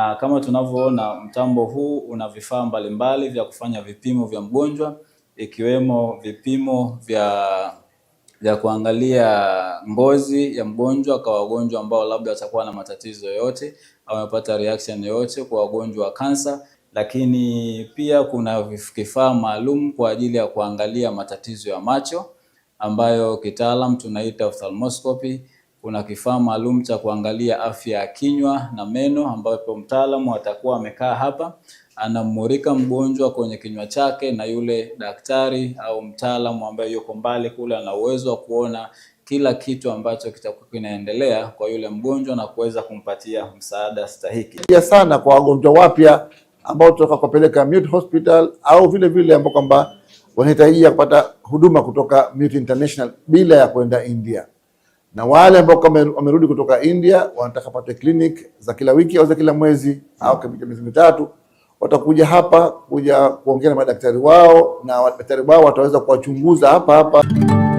Ah, kama tunavyoona mtambo huu una vifaa mbalimbali vya kufanya vipimo vya mgonjwa ikiwemo vipimo vya vya kuangalia ngozi ya mgonjwa kwa wagonjwa ambao labda watakuwa na matatizo yoyote au wamepata reaction yoyote kwa wagonjwa wa kansa, lakini pia kuna kifaa maalum kwa ajili ya kuangalia matatizo ya macho ambayo kitaalam tunaita ophthalmoscopy kuna kifaa maalum cha kuangalia afya ya kinywa na meno, ambapo mtaalamu atakuwa amekaa hapa anamurika mgonjwa kwenye kinywa chake, na yule daktari au mtaalamu ambaye yuko mbali kule ana uwezo wa kuona kila kitu ambacho kitakuwa kinaendelea kwa yule mgonjwa na kuweza kumpatia msaada stahiki. Ya sana kwa wagonjwa wapya ambao tunataka kuwapeleka Mute Hospital au vile vile ambao kwamba wanahitaji kupata huduma kutoka Mute International bila ya kwenda India na wale ambao wamerudi kutoka India wanataka pate clinic za kila wiki au za kila mwezi hmm, au mm. miezi mitatu, watakuja hapa kuja kuongea na madaktari wao, na madaktari wao wataweza kuwachunguza hapa hapa.